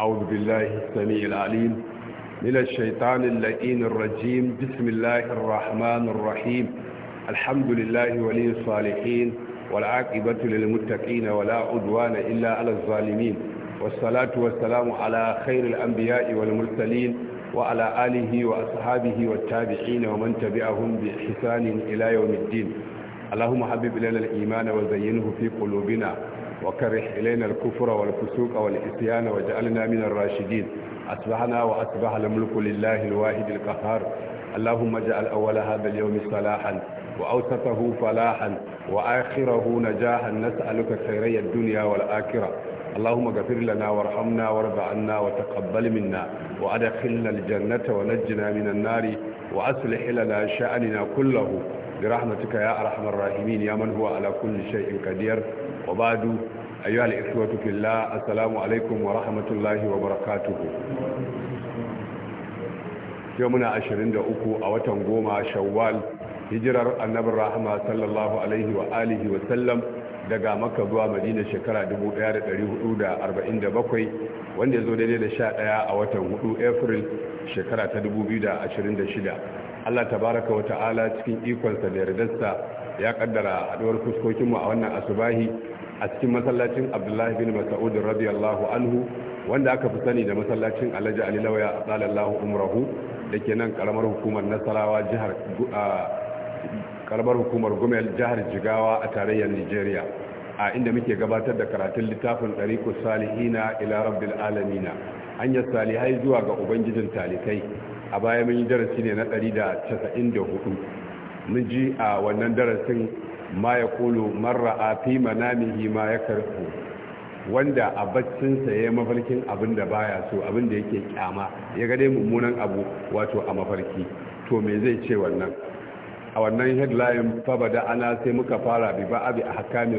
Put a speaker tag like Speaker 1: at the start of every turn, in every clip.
Speaker 1: أعوذ بالله السميع العليم من الشيطان اللئين الرجيم بسم الله الرحمن الرحيم الحمد لله ولي الصالحين والعاقبة للمتقين ولا عدوان إلا على الظالمين والصلاة والسلام على خير الأنبياء والمرسلين وعلى آله وأصحابه والتابعين ومن تبعهم بإحسان إلى يوم الدين اللهم حبب لنا الإيمان وزينه في قلوبنا وكره إلينا الكفر والفسوق والإسيان واجعلنا من الراشدين أصبحنا وأصبح الملك لله الواحد القهار اللهم اجعل أول هذا اليوم صلاحا وأوسطه فلاحا وآخره نجاحا نسألك خيري الدنيا والآخرة اللهم اغفر لنا وارحمنا وارض عنا وتقبل منا وادخلنا الجنة ونجنا من النار وأصلح لنا شأننا كله برحمتك يا أرحم الراحمين يا من هو على كل شيء قدير wa badu ayyuha al-ikhwatu fillah alaikum wa rahmatullahi wa barakatuh yau muna 23 a watan goma shawwal hijirar annabin rahama sallallahu alaihi wa alihi wa sallam daga maka zuwa madina shekara 1447 wanda ya zo daidai da ɗaya a watan 4 afril shekara ta 2026 allah tabaraka wa ta'ala cikin ikonsa da yardarsa ya kaddara haduwar fuskokinmu a wannan asubahi a cikin masallacin abdullahi bin mas'ud radiyallahu anhu wanda aka fi sani da masallacin alhaji ali lawaya a umrahu da ke nan karamar hukumar nasarawa jihar karamar hukumar gumel jihar jigawa a tarayyar nigeria a inda muke gabatar da karatun littafin ɗariƙus salihina ila rabbil alamina hanyar salihai zuwa ga ubangijin talikai a baya mun yi darasi ne na 194 mun ji a wannan darasin ma ya kulu marra a fi manamihi ma ya karfu wanda a baccinsa ya yi mafarkin abin da baya so abin da yake kyama ya gane mummunan abu wato a mafarki to me zai ce wannan a wannan headline fabada ana sai muka fara bi ba abi a hakamin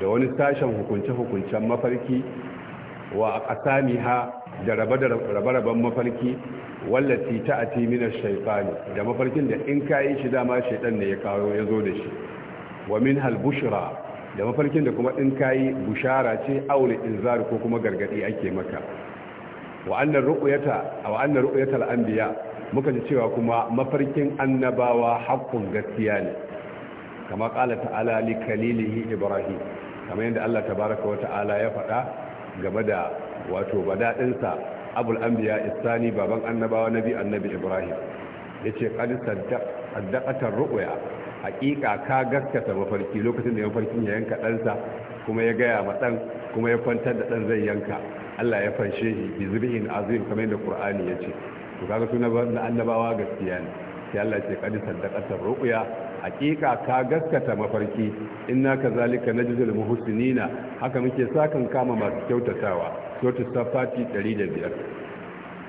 Speaker 1: da wani sashen hukunce-hukuncen mafarki wa asami ha da rabe-raben mafarki wallafi ta a timinar da mafarkin da in kayi shi dama shaidan ne ya kawo ya da shi wa min halbushira da mafarkin da kuma in kayi bushara ce aure inzar ko kuma gargaɗi ake maka wa annar ru'yata muka ji cewa kuma mafarkin annabawa haƙƙun gaskiya ne kama qala ta'ala li kalilihi ibrahim kamar yadda Allah tabaaraka wa ta'ala ya faɗa game da wato badaɗinsa abul anbiya isani baban annabawa nabi annabi ibrahim yace qad daƙatar ru'uya. haƙiƙa ka gaskata mafarki lokacin da ya mafarkin ya yanka ɗansa kuma ya gaya ma ɗan kuma ya kwantar da ɗan zai yanka Allah ya fanshe shi bi zubihin azim kamar yadda Qur'ani ya ce to kaga suna na annabawa gaskiya ne sai Allah ya ce qad saddaqata ruqya haƙiƙa ka gaskata mafarki inna kazalika najzul muhsinina haka muke kan kama masu kyautatawa suratul safati 105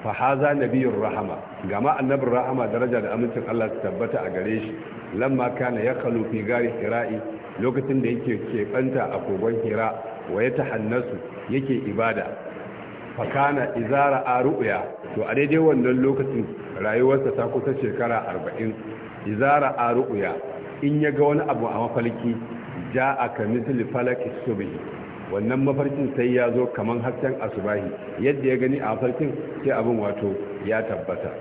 Speaker 1: fahaza nabiyun rahama gama annabin rahama daraja da amincin Allah su tabbata a gare shi lamma kana ya kalu fi gari hira'i lokacin da yake keɓanta a kogon hira wa ya ta hannasu yake ibada fakana izara a ru'uya to a daidai wannan lokacin rayuwarsa ta kusa shekara arba'in izara a ru'uya in ya ga wani abu a mafalki ja a kamisili falaki subihi wannan mafarkin sai ya zo kaman hasken asubahi yadda ya gani a mafarkin sai abin wato ya tabbata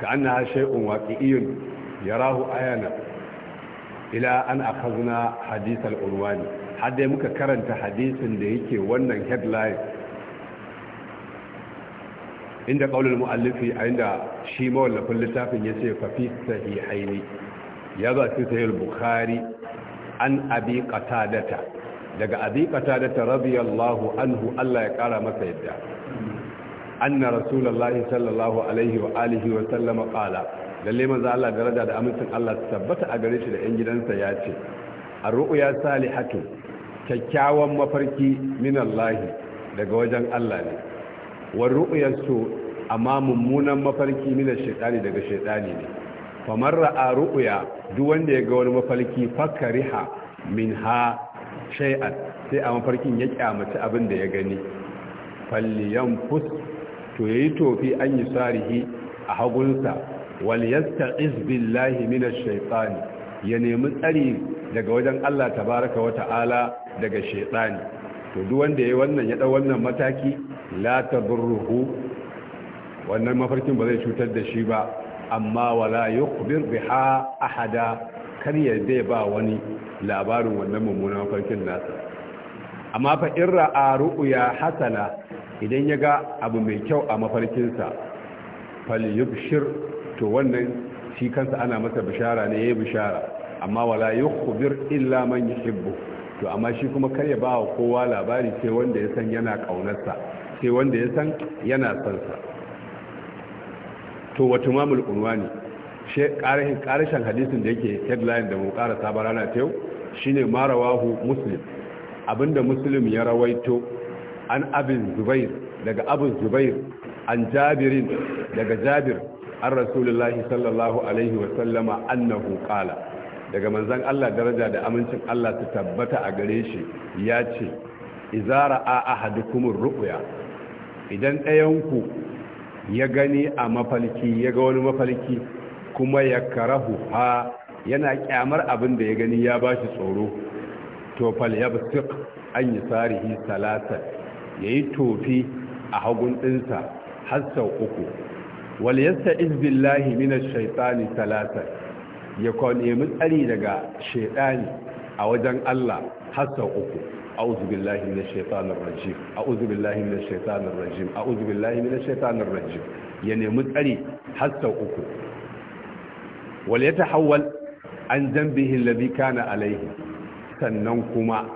Speaker 1: ka an na shay'un waƙi'iyun yarahu ayana ila an akhazna hadith al-urwani har muka karanta hadisin da yake wannan headline inda qaulul muallifi inda shi mawallafin littafin yace fa fi sahihaini ya fi sahih al-bukhari an abi qatadata daga abi qatadata radiyallahu anhu Allah ya kara masa yadda anna rasulullahi sallallahu alaihi wa alihi wa sallama qala lalle manzo Allah daraja da amincin Allah tabbata a gare shi da yan gidansa ya ce ar-ru'ya salihatu kyakkyawan mafarki min Allah daga wajen Allah ne war su amma mummunan mafarki min shaitani daga shaitani ne famar ra'a ya duk wanda ya ga wani mafarki fakariha min ha shay'at sai a mafarkin ya kyamaci abin da ya gani falliyan fus to yayi tofi an yi sarihi a hagunsa Waliyasta yasta'iz billahi minash shaitani ya nemi tsari daga wajen Allah tabaraka wa ta'ala daga shaitani to duk wanda yayi wannan ya dau wannan mataki la tadurruhu wannan mafarkin ba zai cutar da shi ba amma wala yukhbir biha ahada kar ya zai ba wani labarin wannan mummunan mafarkin nasa amma fa in ra'a ya hasana idan ya ga abu mai kyau a mafarkinsa fal yubshir. to wannan shi kansa ana masa bishara ne yayi bishara amma wala yukhbir illa man shibbo to amma shi kuma kar ya bawa kowa labari sai wanda ya san yana kaunarsa sai wanda ya san yana sansa to wata mamul unwani ne, karahin karashin hadisin da yake headline da mu karasa barana ta yau shine marawahu muslim abinda muslim ya rawaito an abin zubair daga abin zubair an jabirin daga jabir an rasulullahi sallallahu alaihi wasallama annahu qala daga manzon Allah daraja da amincin Allah ta tabbata a gare shi ya ce izara a ahadukumur ru'ya idan ɗayanku ya gani a mafalki ya ga wani mafalki kuma ya karahu ha yana kyamar abin da ya gani ya ba shi tsoro to fal yabsiq an yi salatan yayi tofi a hagun ɗinsa har sau uku wal yasta'iz billahi minash shaitani talata ya nemi tsari daga shaitani a wajen Allah har sau uku a'udhu billahi minash shaitanir rajim a'udhu billahi minash shaitanir rajim a'udhu billahi minash shaitanir rajim ya nemi tsari har sau uku wal yatahawwal an zambihi Labika kana alayhi sannan kuma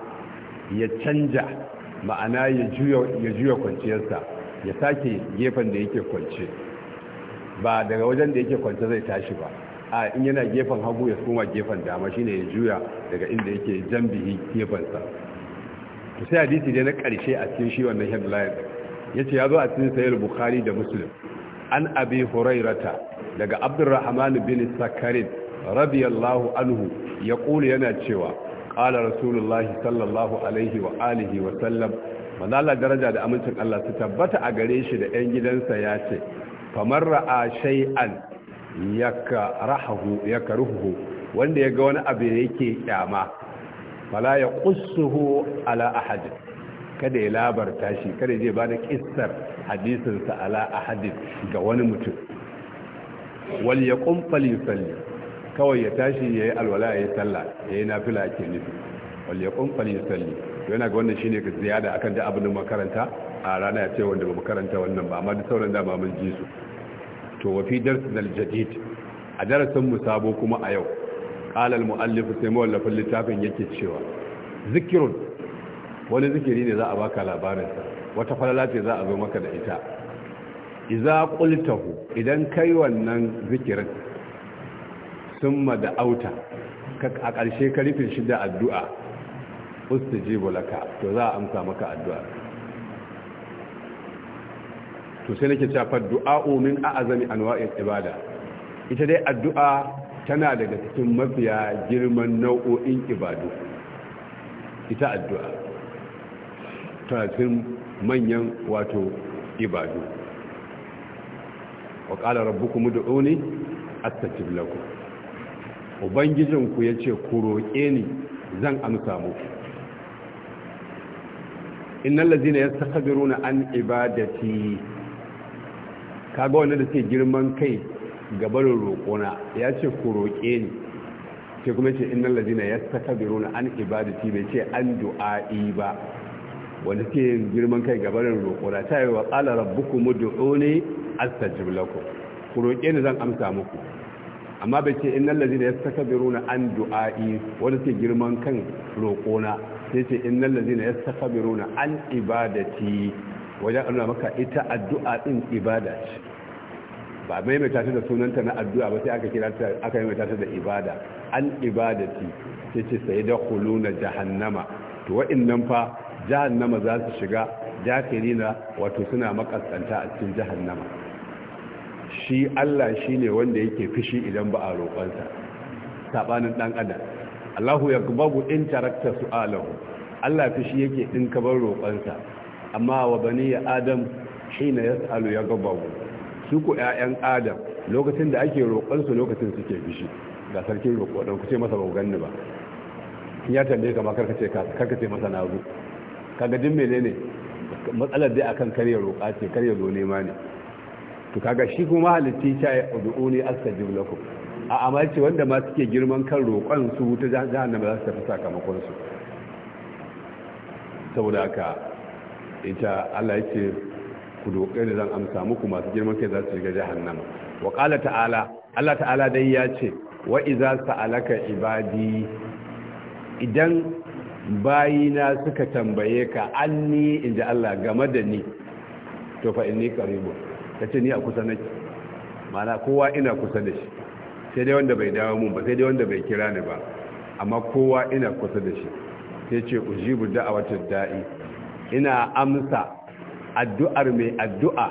Speaker 1: ya canja ma'ana ya juya kwanciyarsa ya sake gefen da yake kwance ba daga wajen da yake kwanta zai tashi ba a in yana gefen hagu ya koma gefen dama shine ya juya daga inda yake jambihi gefensa to sai hadisi dai na karshe a cikin shi wannan headline yace ya zo a cikin sahih bukhari da muslim an abi hurairata daga abdurrahman bin sakarin radiyallahu anhu ya kula yana cewa qala rasulullahi sallallahu alaihi wa alihi wa sallam manala daraja da amincin Allah su tabbata a gare shi da 'yan gidansa ya ce kamar ra'a shay'an yakrahu ruhu wanda yaga wani abu da yake kyama fala ya qussuhu ala ahad kada ya labarta shi kada ya bada kissar hadisin sa ala ahad ga wani mutum wal yaqum falyusalli kawai ya tashi yayi alwala yayi sallah yayi nafila ke nufi wal yaqum falyusalli yana ga wannan shine ka ziyada akan da abin makaranta a rana ya ce wanda ba karanta wannan ba amma da sauran dama mun ji su to wa fi darsin aljadid a darasin mu sabo kuma a yau qala muallif sai mawallafin littafin yake cewa zikirun wani zikiri ne za a baka labarin sa wata falala ce za a zo maka da ita idza qultahu idan kai wannan zikirin summa da auta a ƙarshe ka rufe shi da addu'a ustajibu laka to za a amsa maka addu'a to sai nake cewa du'a'u min a'zami anwa'il ibada ita dai addu'a tana daga cikin mafiya girman nau'o'in ibadu ita addu'a tana cikin manyan wato ibadu wa qala rabbukum ud'uni astajib lakum ubangijinku yace ku roƙe ni zan amsa muku innal ladina yastakbiruna an ibadati kaga wanda da ke girman kai gabarin roƙona ya ce ku roƙe ni ce kuma ce innan lazina ya saka biruna an ibadati bai ce an du'a'i ba wanda ke girman kai gabarin roƙona ta yi wa rabu ku mu du'uni astajib lako ku roƙe ni zan amsa muku amma bai ce innan lazina ya saka biruna an du'a'i wanda ke girman kan roƙona sai ce innan lazina ya saka biruna an ibadati wajen nuna maka ita addu'a din ibada ce ba mai ta da sunanta na addu'a ba sai aka kira ta aka mai ta da ibada an ibadati sai ce sai da khuluna jahannama to waɗannan fa jahannama za su shiga na wato suna makasanta a cikin jahannama shi Allah shi ne wanda yake fishi idan ba a roƙonsa sabanin ɗan adam Allahu yakbabu in tarakta su'alahu Allah fishi yake din kabar roƙonsa amma wa bani adam ya yas'alu yaghdabu su ku 'ya'yan adam lokacin da ake roƙon su lokacin suke bishi ga sarkin roƙo ɗan ku ce masa ba ganni ba ya tambaye ka ma karkace ce na zu masa nazo kaga din menene matsalar dai akan karya roƙa ce karya zo nema ne to kaga shi kuma halitti ta ya ud'uni astajib lakum a amalci wanda ma suke girman kan roƙon su ta jahannama za su tafi sakamakon su saboda ka ita Allah ya ce ku doke da zan amsa muku masu girman kai za su shiga jahannama wa qala ta'ala Allah ta'ala dai ya ce wa idza sa'alaka ibadi idan bayina suka tambaye ka anni inda Allah game da ni to fa inni qaribun kace ni a kusa nake mana kowa ina kusa da shi sai dai wanda bai dawo mun ba sai dai wanda bai kira ni ba amma kowa ina kusa da shi sai ce ujibu da'awatul da'i ina amsa addu'ar mai addu'a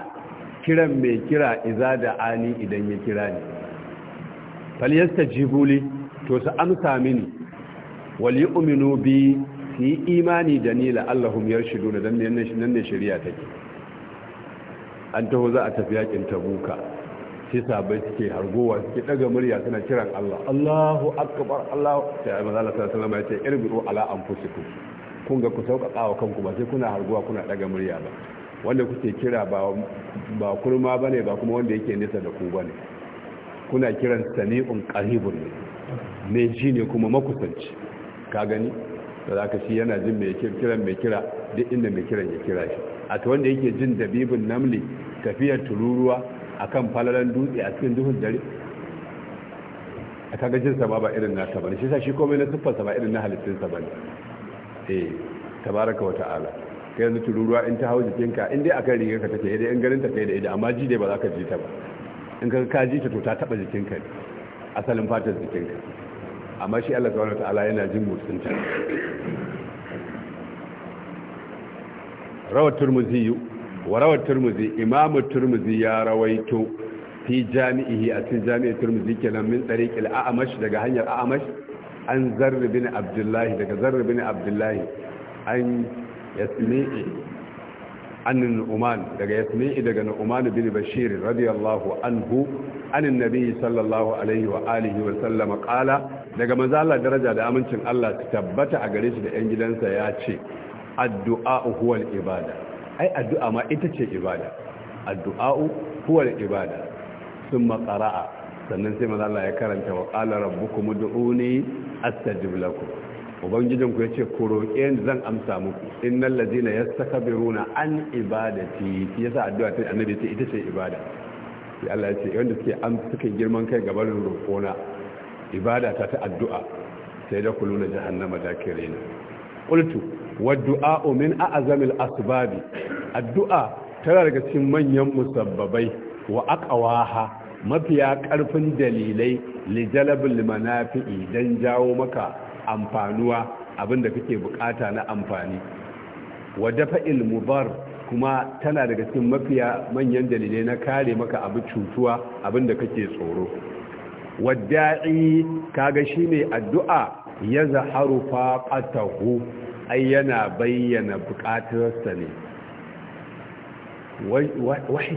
Speaker 1: kiran mai kira iza da ani idan ya kira ni falyasta jibuli to su amsa mini wali uminu bi su yi imani da ni la'allahum yar shido da nan ne shari'a take an taho za a tafi yakin tabuka sai sabai suke hargowa suke daga murya suna kiran Allah Allahu akbar Allahu sai manzo sallallahu ya ce biro ala anfusikum kun ga ku sauƙaƙa wa kanku ba sai kuna harguwa kuna ɗaga murya ba wanda kuke kira ba kurma ba ne ba kuma wanda yake nesa da ku ba ne kuna kiran sani'un ƙaribun ne ne shi ne kuma makusanci ka gani da za ka shi yana jin mai kiran mai kira duk inda mai kiran ya kira shi a ta wanda yake jin dabibin namli tafiyar tururuwa a kan falalan dutse a cikin duhun dare a kagajinsa ba ba irin na ba shi sa shi komai na siffarsa ba irin na halittinsa ba ne eh tabaraka wa ta'ala kai yanzu tururuwa in ta hau jikinka in dai akan rigarka take eh dai in garin ta kai da ida amma ji dai ba za ka ji ta ba in ka ka ji ta to ta taba jikinka asalin fatar jikinka amma shi Allah subhanahu wa ta'ala yana jin motsin ta rawar turmuzi wa rawar turmuzi imamu turmuzi ya rawaito fi jami'ihi a cikin jami'ar turmuzi kenan min tsariƙil a'amash daga hanyar a'amash an zarri bin abdullahi daga zarri bin abdullahi an yasmi'i annin umar daga yasmi'i daga umar bin bashir radiyallahu anhu annin nabi sallallahu alaihi wa alihi wa sallama kala daga mazala daraja da amincin Allah ta tabbata a gare shi da 'yan gidansa ya ce addu'a'u huwa ibada ai addu'a ma ita ce ibada Addu'a'u huwa ibada Sun qara'a sannan sai manzo Allah ya karanta wa qala rabbukum ud'uni astajib lakum ubangijin ku yace ku roƙe ni zan amsa muku innal ladina yastakbiruna an ibadati yasa addu'a ta annabi ce ita ce ibada sai Allah yace wanda suke am suke girman kai gaban roƙona ibada ta ta addu'a sai da kuluna jahannama dakirina qultu waddu'a min a'zamil asbab addu'a tana daga cikin manyan musabbabai wa aqwaha mafiya ƙarfin dalilai lijalabin manafi'i don jawo maka amfanuwa abinda kake bukata na amfani wa dafa'il mubar kuma tana daga cikin mafiya manyan dalilai na kare maka abu cutuwa abinda kake tsoro wadda'i kaga shine addu'a ya zaharu faqatahu ai yana bayyana bukatarsa ne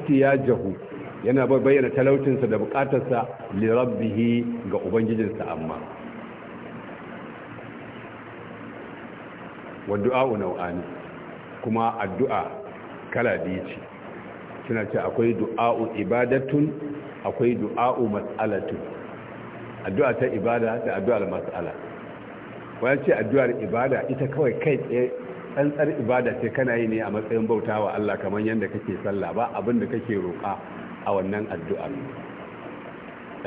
Speaker 1: ya jahu? yana bayyana talaucinsa da bukatarsa lirabbihi ga ubangijinsa amma wadda'a'u nau'ani kuma addu'a kala biyu ce suna ce akwai du'a'u ibadatun akwai du'a'u mas'alatun addu'a ta ibada da addu'ar mas'ala wani ce addu'ar ibada ita kawai kai tsaye tsantsar ibada ce kana yi ne a matsayin bautawa Allah kamar yadda kake sallah ba abin da kake roƙa a wannan addu'ar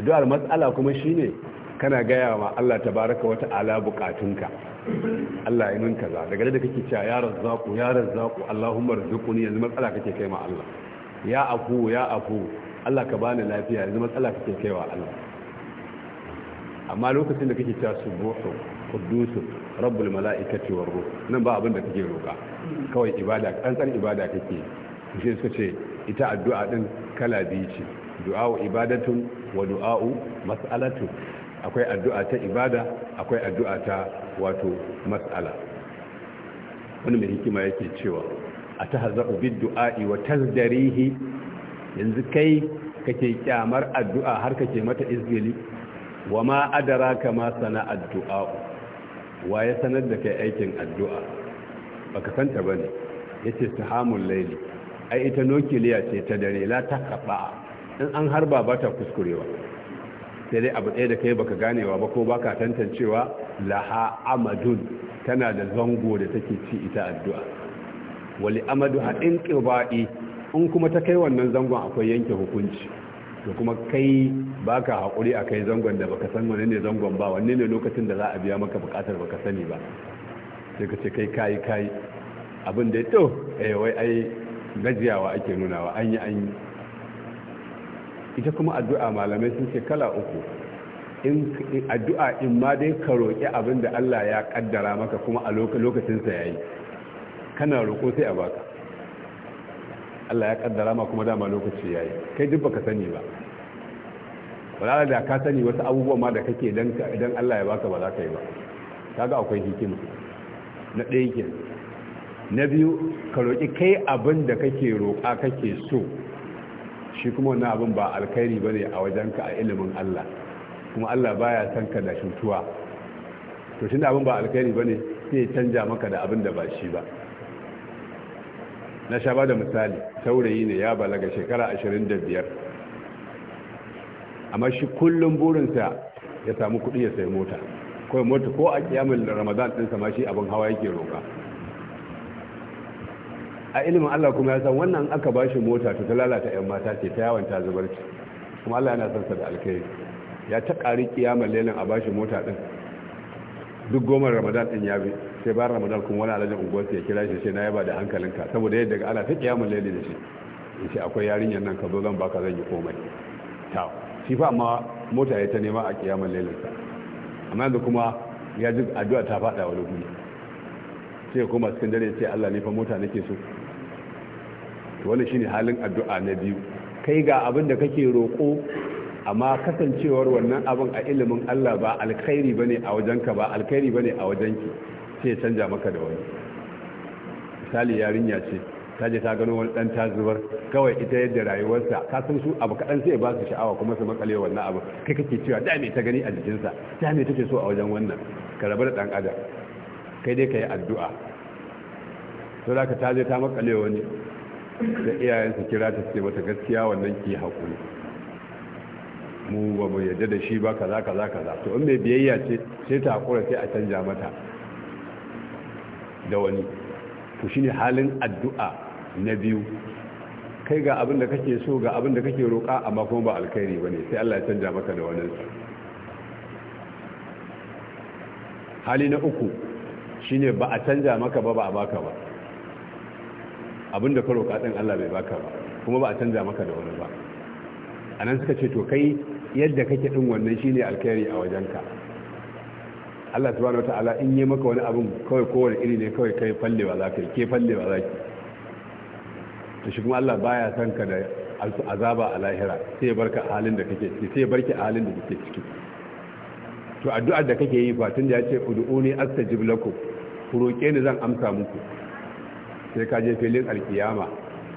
Speaker 1: addu'ar matsala kuma shi ne kana gaya ma Allah ta baraka wata ala bukatunka Allah ya ninka za daga da kake cewa ya razzaku ya razzaku Allahumma rzuqni yanzu matsala kake kai ma Allah ya afu ya afu Allah ka bani lafiya yanzu matsala kake kai wa Allah amma lokacin da kake cewa subuhu quddus rabbul malaikati war ruh nan ba abin da kake roka kawai ibada kankan ibada kake shi suka ce ita addu'a din kala biyu ce Du'a wa ibadatun wa du'a mas'alatun akwai addu'a ta ibada akwai addu'a ta wato mas'ala wani mai hikima yake cewa a ta hazaɓu du'a'i wa tazdarihi yanzu kai kake kyamar addu'a har kake mata izgili wa ma adara kama sana addu'a wa ya sanar da kai aikin addu'a baka santa bane yace tahamul layli ai ita nukiliya ce ta dare la ta kaɓa in an harba ba ta kuskurewa sai dai abu ɗaya da kai baka ganewa ba ko baka tantancewa laha amadun tana da zango da take ci ita addu'a wali amadu haɗin ƙiba'i in kuma ta kai wannan zangon akwai yanke hukunci to kuma kai baka haƙuri a kai zangon da baka san wani ne zangon ba wanne ne lokacin da za a biya maka buƙatar baka sani ba sai ka ce kai kayi kayi abin da ya to eh, wai ai gajiyawa ake nunawa an yi an yi ita kuma addu'a malamai sun ce kala uku in addu'a in ma dai ka roƙi abin da Allah ya kaddara maka kuma a lokacinsa ya yi kana roƙo sai a baka Allah ya kaddara ma kuma dama lokaci ya yi kai duk baka sani ba wala da ka sani wasu abubuwan ma da kake idan Allah ya baka ba za ka yi ba kaga akwai hikima na ɗaya kenan na biyu ka roƙi kai abin da kake roƙa kake so shi kuma wannan abin ba alkhairi bane a wajenka a ilimin Allah kuma Allah baya san ka da shutuwa to tunda abin ba alkhairi bane sai ya canja maka da abin da ba shi ba na sha bada misali saurayi ne ya balaga shekara biyar. amma shi kullum burinsa ya samu kuɗi ya sayi mota kawai mota ko a kiyamun ramadan ɗinsa ma shi abin hawa yake roƙa a ilimin Allah kuma ya san wannan aka ba shi mota ta lalata yan mata ce ta yawan ta zubar ce kuma Allah yana son sa da alkai ya ta ƙari kiyamar lelin a ba shi mota din duk goma ramadan din ya bi sai ba ramadan kuma wani alajin unguwarsa ya kira shi sai na yaba da hankalinka saboda yadda daga ana ta kiyamun laili da shi in ce akwai yarinyar nan ka zo zan baka zan yi komai ta shi fa amma mota ya ta nema a kiyamun sa amma yanzu kuma ya ji addu'a ta faɗa wani guri sai kuma cikin dare ce allah ne fa mota nake so to wannan shine halin addu'a na biyu kai ga abin da kake roƙo amma kasancewar wannan abin a ilimin Allah ba alkhairi bane a wajenka ba alkhairi bane a wajenki sai ya canja maka da wani misali yarinya ce ta je ta gano wani dan ta zubar kawai ita yadda rayuwarsa ka san su abu kaɗan sai ba su sha'awa kuma su makale wannan abu kai kake cewa da me ta gani a jikinsa da me take so a wajen wannan ka rabu da dan adam kai dai ka yi addu'a to da ka ta je ta makale wani da iyayensa kira ta ce mata gaskiya wannan ki haƙuri mu ba mu yadda da shi ba kaza kaza kaza to in mai biyayya ce sai ta haƙura sai a canja mata da wani to shine halin addu'a na biyu kai ga abin da kake so ga abin da kake roƙa amma kuma ba alkhairi bane sai Allah ya canja maka da wannan hali na uku shine ba a canja maka ba ba a baka ba abinda ka roƙa ɗin Allah bai baka ba kuma ba a canza maka da wani ba a nan suka ce to kai yadda kake ɗin wannan shine alkhairi a wajenka Allah subhanahu wataala in yi maka wani abin kawai kowane iri ne kawai kai ba za ka yi ke ba za ki to shi kuma Allah baya son ka da azaba a lahira sai barka a halin da kake ciki sai barki a halin da kake ciki to addu'ar da kake yi fatin da ya ce ud'uni astajib lakum ku roke ni zan amsa muku sai ka je filin alkiyama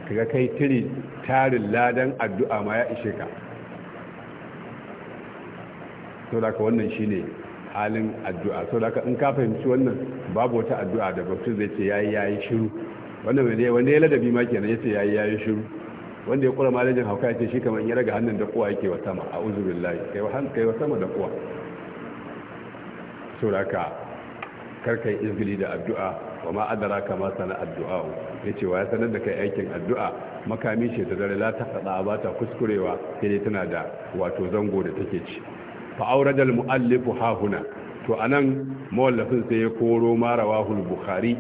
Speaker 1: kaga kai tiri tarin ladan addu'a ma ya ishe ka so da ka wannan shine halin addu'a so da ka in ka fahimci wannan babu wata addu'a da mutum zai ce yayi yayi shiru wannan mai wanda ya ladabi ma kenan ce yayi yayi shiru wanda ya kura malajin hauka ce shi kamar ya raga hannun da kowa yake wa sama a uzubillahi kai wa kai wa sama da kowa sau da ka karkai izgili da addu'a wa ma adara kama sana addu'a ya ce wa ya sanar da kai aikin addu'a makami ce ta dare ta kada ba ta kuskurewa sai dai tana da wato zango da take ci fa auradal muallifu ha huna to anan mawallafin sai ya koro ma rawahul bukhari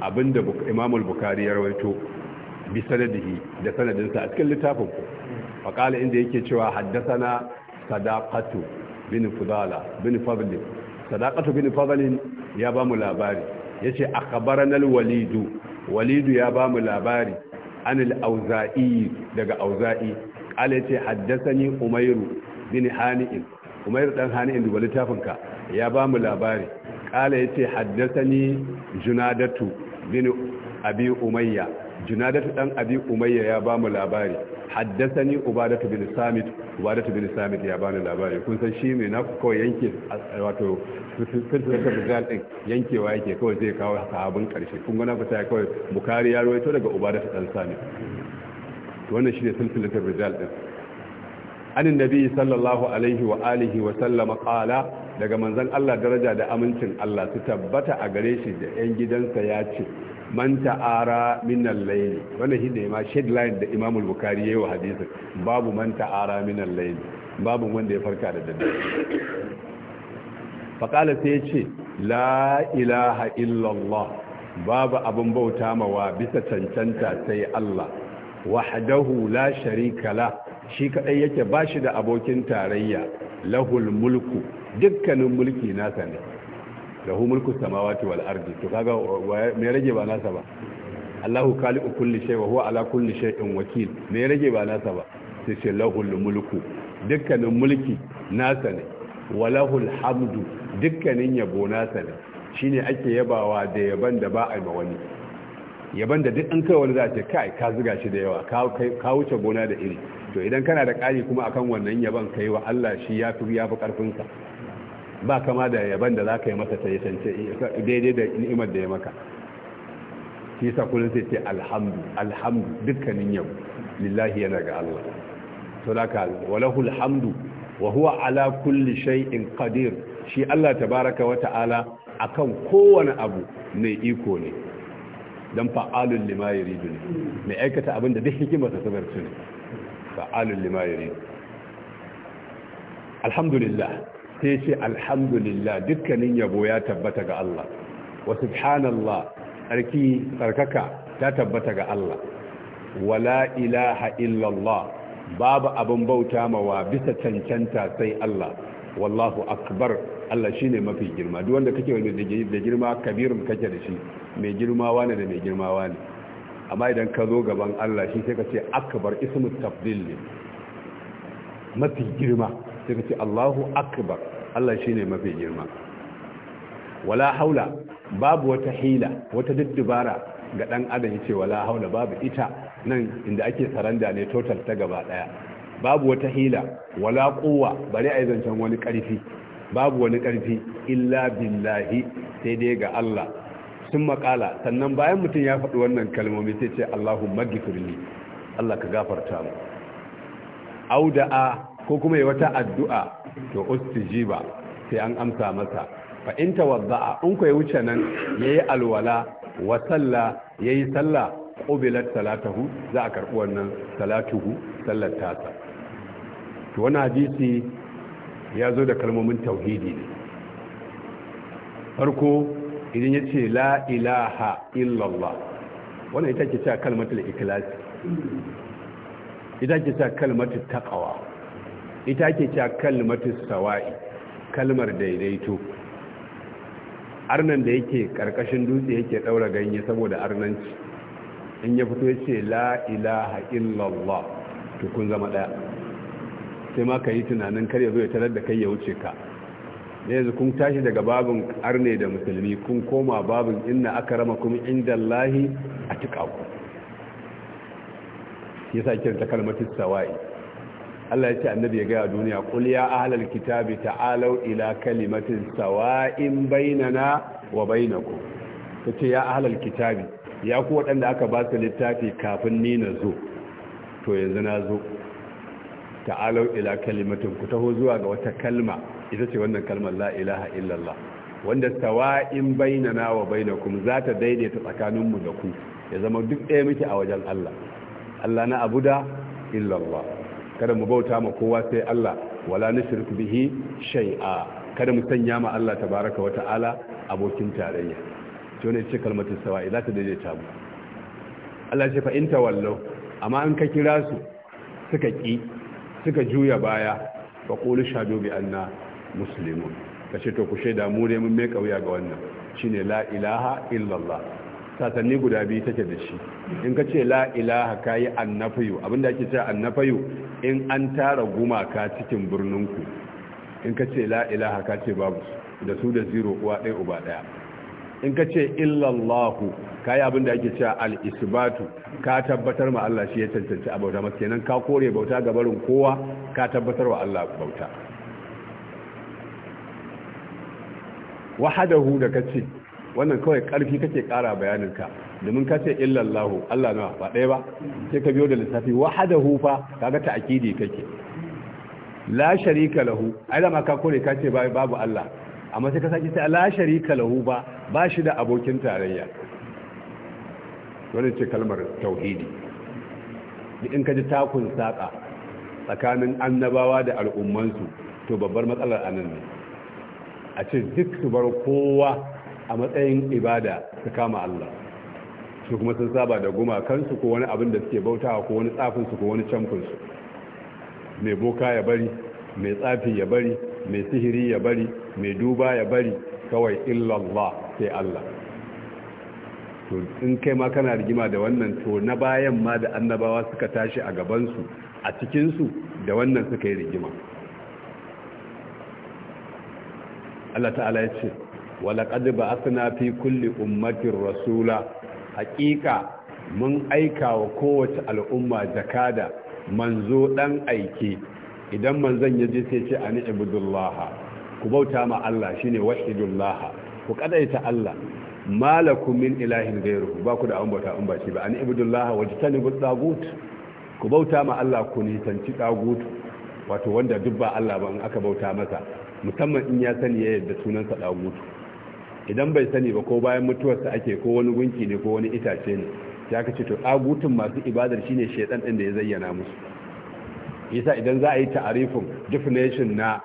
Speaker 1: abinda imam al-bukhari ya rawaito bi sanadihi da sanadinsa a cikin littafin ku fa qala inda yake cewa haddathana sadaqatu bin fudala bin fadl sadaqatu bin fadl ya ba mu labari yace a al-walidu walidu ya bamu labari an auza'i daga auza'i ce, haddasa ni Umairu bin hani'in Umairu dan hani'in duba littafinka ya bamu labari qala yace haddathani junadatu bin abi umayya junadatu dan abi umayya ya bamu labari haddasani ubadatu bin samit ubadatu bin samit ya bani labari kun san shi mai ku kawai yanke wato fitar da rijal din yankewa yake kawai zai kawo sahabin karshe kun ga naku sai kawai bukari ya rawaito daga ubadatu dan samit wannan shine silsilatul rijal din an annabi sallallahu alaihi wa alihi wa sallama qala daga manzon Allah daraja da amincin Allah su tabbata a gare shi da 'yan gidansa ya ce man ta'ara min al-layl wannan shi ne ma da Imam al-Bukhari yi wa hadisin babu man ta'ara min babu wanda ya farka da daddare faqala sai yace la ilaha illallah, babu abun bauta mawa bisa cancanta sai Allah wahdahu la sharika la shi kadai yake bashi da abokin tarayya lahul mulku dukkanin mulki nasa ne lahu mulku samawati wal ardi to kaga me rage ba nasa ba Allahu khaliqu kulli shay wa huwa ala kulli shay'in wakil me rage ba nasa ba sai ce lahul mulku dukkanin mulki nasa ne wa hamdu dukkanin yabo nasa ne shine ake yabawa da yaban da ba a yi wani yaban da duk an kai wani za a ce kai ka zuga shi da yawa ka wuce gona da iri to idan kana da ƙari kuma akan wannan yaban kai wa Allah shi ya fi ya fi ƙarfinsa ba kama da yaban da za ka yi masa ta yi daidai da ni'imar da ya maka shi sa kullum sai ce alhamdu alhamdu dukkanin yau lillahi yana ga Allah to ka walahu alhamdu wa huwa ala kulli shay'in qadir shi Allah tabaaraka wa ta'ala akan kowane abu ne iko ne dan fa'alul lima yuridu ne mai aikata abinda duk hikima ta sabar ne fa'alul lima yuridu alhamdulillah sai ce alhamdulillah dukkanin yabo ya tabbata ga Allah wa subhanallah sarki sarkaka ta tabbata ga Allah wala ilaha illallah babu abin bauta mawa bisa cancanta sai Allah wallahu akbar Allah shine mafi girma duk wanda kake wani da girma kabirun kake da shi mai girma wani da mai girma wani amma idan ka zo gaban Allah shi sai ka ce akbar ismu tafdil mafi girma sai ka ce Allahu akbar Allah shi ne mafi girma wala haula babu wata hila wata diddubara ga ɗan adam ce wala haula babu ita nan inda ake saranda ne total ta gaba ɗaya babu wata hila wala bari a yi zancen wani ƙarfi. babu wani ƙarfi, illa billahi sai dai ga Allah sun makala sannan bayan mutum ya faɗi wannan kalmomi sai ce Allahu gifirli Allah ka gafarta mu auda'a ko kuma yi wata addu'a to ustijiba sai an amsa masa fa in tawadda'a in ku ya wuce nan yayi alwala wa salla yayi salla qubilat salatuhu za a karbi wannan salatuhu sallar tasa to wannan hadisi ya zo da kalmomin tauhidi ne farko idan ya ce la ilaha illallah wannan ita ce ta kalmatul ikhlas ita ke ta kalmatul taqwa ita ke cewa kalmatus sawa'i kalmar daidaito arnan da yake karkashin dutse yake daura ganye saboda arnanci in ya fito yace la ilaha illallah to kun zama daya sai ma kai tunanin kar ya zo ya tarar da kai ya wuce ka ne yanzu kun tashi daga babun arne da musulmi kun koma babun inna akramakum indallahi atqakum yasa ta kalmatus sawa'i Allah ya ce annabi ya gaya duniya qul ya ahlal kitabi ta'alu ila kalimatin sawa'in bainana wa ta ce ya ahlal kitabi ya ku waɗanda aka ba su littafi kafin ni na zo to yanzu na zo ta'alau ila kalimatin ku taho zuwa ga wata kalma ita ce wannan kalmar la ilaha illallah wanda sawa'in bainana wa bainakum za ta daidaita tsakaninmu da ku ya zama duk ɗaya muke a wajen Allah Allah na abuda illallah kada mu bauta ma kowa sai Allah wala nushriku bihi shay'a kada mu sanya ma Allah tabaaraka wa ta'ala abokin tarayya to ne ce kalmatu sawa'i za ta daidaita mu Allah ce fa in wallo. amma an ka kira su suka ki suka juya baya fa qulu shahadu bi anna muslimun kace to ku sheda mu ne mun me kauya ga wannan shine la ilaha illallah sasanni guda biyu take da shi in ka ce la ilaha kayi annafayu abinda ake cewa annafayu in an tara gumaka cikin birninku in ka ce la ilaha ka ce babu da su da zero uwa ɗaya uba ɗaya in ka ce illallahu kayi abinda ake cewa al-isbatu ka tabbatar ma Allah shi ya cancanci a bauta masu kenan ka kore bauta ga barin kowa ka tabbatar wa Allah bauta wahadahu da kace wannan kawai karfi kake kara bayaninka domin ka ce illallahu Allah na ba ɗaya ba sai ka biyo da lissafi wahadahu fa kaga ta akidi kake la sharika lahu ai da ma ka kore ka ce babu Allah amma sai ka saki sai la sharika lahu ba ba shi da abokin tarayya wannan ce kalmar tauhidi duk in ka ji takun saka tsakanin annabawa da al'ummansu to babbar matsalar anan ne a ce duk su bar kowa a matsayin ibada su kama Allah su kuma sun saba da gumakansu ko wani abin da suke bautawa ko wani tsafinsu ko wani canfinsu mai boka ya bari mai tsafi ya bari mai sihiri ya bari mai duba ya bari kawai illallah sai Allah to in kai ma kana rigima da wannan to na bayan ma da annabawa suka tashi a gabansu a cikinsu da wannan suka yi rigima Allah ta'ala ya ce walaƙad ba a suna fi kulli ummatin rasula haƙiƙa mun aika wa kowace al'umma jakada manzo ɗan aiki. idan manzon ya je sai ce ani ibudullah ku bauta ma Allah shi shine wahidullah ku ƙadaita Allah malakum min ilahin ghayruhu ba ku da an bauta an ba shi ba ani ta wajtanibu tagut ku bauta ma Allah ku nisanci tagut wato wanda duk ba Allah ba in aka bauta masa musamman in ya sani ya yadda sunansa tagut idan bai sani ba ko bayan mutuwarsa ake ko wani gunki ne ko wani itace ne ya ka ce to agutun masu ibadar shine shaitan din da ya zayyana musu yasa idan za a yi ta'arifin definition na